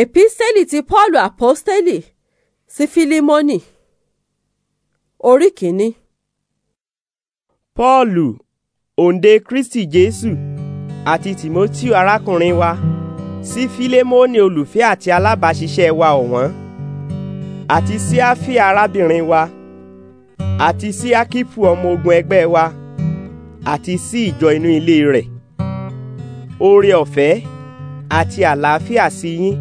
èpísẹ́lì ti paulu àpọ́stẹ́lì sí Filimoni, orí kìíní. paulu òǹdè kristi jésù àti tìmọ́tíù arákùnrin wa sí Filimoni olùfẹ́ àti alábàáṣiṣẹ́ wa ọ̀wọ́n àti sí afi arábìnrin wa àti sí akipu ọmọ ogun ẹgbẹ́ wa àti sí ìjọ inú ilé rẹ̀ oore ọ̀fẹ́ àti àlàáfíà sí yín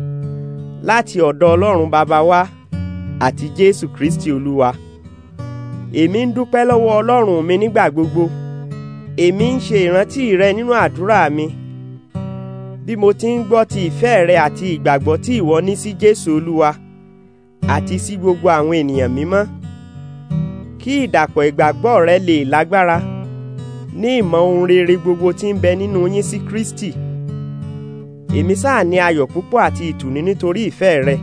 láti ọ̀dọ̀ ọlọ́run bàbá wa àti jésù kristi olúwa èmi ń dúpẹ́ lọ́wọ́ ọlọ́run mi nígbà gbogbo èmi ń ṣe ìrántí rẹ nínú àdúrà mi bí mo ti ń gbọ́ ti ìfẹ́ rẹ àti ìgbàgbọ́ tí ìwọ ní sí jésù olúwa àti sí gbogbo àwọn ènìyàn mímọ́ kí ìdàpọ̀ ìgbàgbọ́ rẹ lè lágbára ní ìmọ̀ ohun rere gbogbo tí ń bẹ nínú yín sí kristi. Si èmi sáà ní ayọ̀ púpọ̀ àti ìtùnú nítorí ìfẹ́ rẹ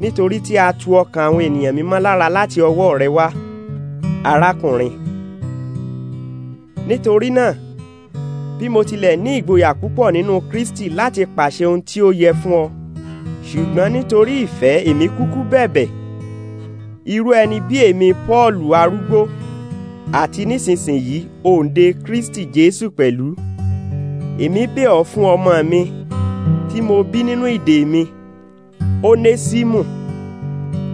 nítorí tí a tu ọkàn àwọn ènìyàn mímọ́ lára láti ọwọ́ rẹ wá arákùnrin nítorí náà bí mo tilẹ̀ ní ìgboyà púpọ̀ nínú Kristi láti pàṣẹ ohun tí ó yẹ fún ọ ṣùgbọ́n nítorí ìfẹ́ èmi kúkú bẹ̀bẹ̀ irú ẹni bí èmi Pọ́ọ̀lù arúgbó àti nísinsìnyí òǹdè Kristi Jésù pẹ̀lú èmi bẹ̀ ọ́ fún ọmọ mi tí mo bí nínú ìdè mi Onésímù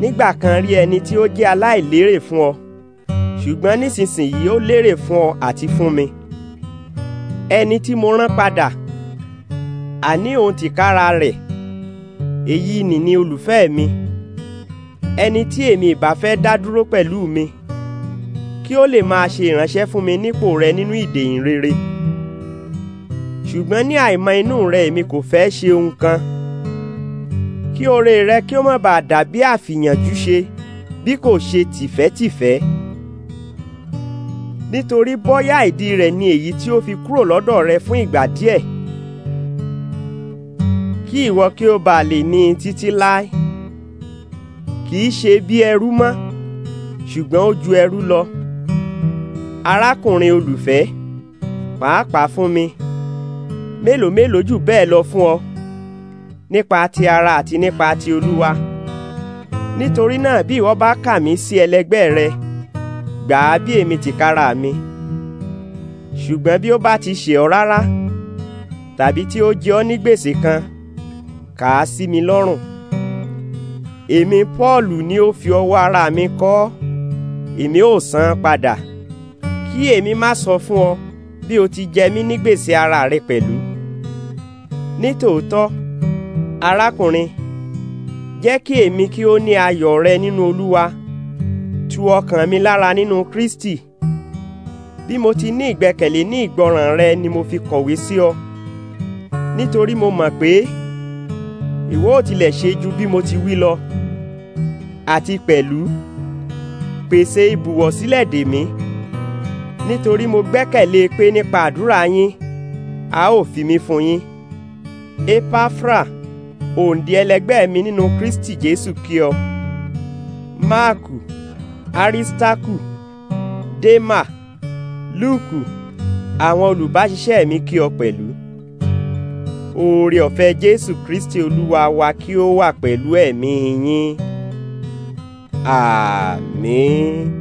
nígbà kan rí ẹni tí ó jẹ́ aláìlérè fún ọ ṣùgbọ́n nísinsìnyí ó lérè fún ọ àti fún mi ẹni tí mo rán padà àní òun tìkára rẹ̀ èyí ni olùfẹ́ mi ẹni tí èmi ìbá fẹ́ dá dúró pẹ̀lú mi kí ó lè máa ṣe ìránṣẹ́ fún mi nípò rẹ nínú ìdè ìhìnrere ṣùgbọ́n ní àìmọ̀ inú rẹ̀ èmi kò fẹ́ ṣe ohun kan kí oore rẹ kí ó má bàa dàbí àfìyànjú ṣe bí kò ṣe tìfẹ́tìfẹ́ nítorí bóyá ìdí rẹ̀ ni èyí tí ó fi kúrò lọ́dọ̀ rẹ fún ìgbà díẹ̀ kí ìwọ kí ó bàa lè ní títí láé kì í ṣe bí ẹrú mọ́ ṣùgbọ́n ó ju ẹrú lọ arákùnrin olùfẹ́ pàápàá fún mi mélòó mélòó jù bẹ́ẹ̀ lọ fún ọ nípa ti ara àti nípa ti olúwa nítorí náà bí ìwọ bá kà mí sí ẹlẹgbẹ́ rẹ gbà á bí èmi tìkára mi ṣùgbọ́n bí ó bá ti ṣe ọ́ rárá tàbí tí ó jẹ ọ́ ní gbèsè kan kà á sí mi lọ́rùn èmi Pọ́ọ̀lù ni ó fi ọwọ́ ara mi kọ èmi ò san padà kí èmi má sọ fún ọ bí o ti jẹ mí ní gbèsè ara rẹ pẹ̀lú nítòótọ́ arákùnrin jẹ́ kí èmi kí ó ní ayọ̀ rẹ nínú olúwa tu ọkàn mi lára nínú kristi bí mo ti ní ìgbẹ́kẹ̀lé ní ìgbọràn rẹ ni mo fi kọ̀wé sí ọ nítorí mo mọ̀ pé ìwọ ò tilẹ̀ ṣe ju bí mo ti wí lọ àti pẹ̀lú pèsè ibùwọ̀ sílẹ̀ dè mí nítorí mo gbẹ́kẹ̀lé pé nípa àdúrà yín a ó fi mí fún yín epafra òǹdí ẹlẹgbẹ́ mi nínú kristi jésù kí ọ máàkù aristakù dema lúùkù àwọn olùbáṣiṣẹ́ mi kí ọ pẹ̀lú oore ọ̀fẹ́ jésù kristi olúwa wa kí ó wà pẹ̀lú ẹ̀mí yín àmín.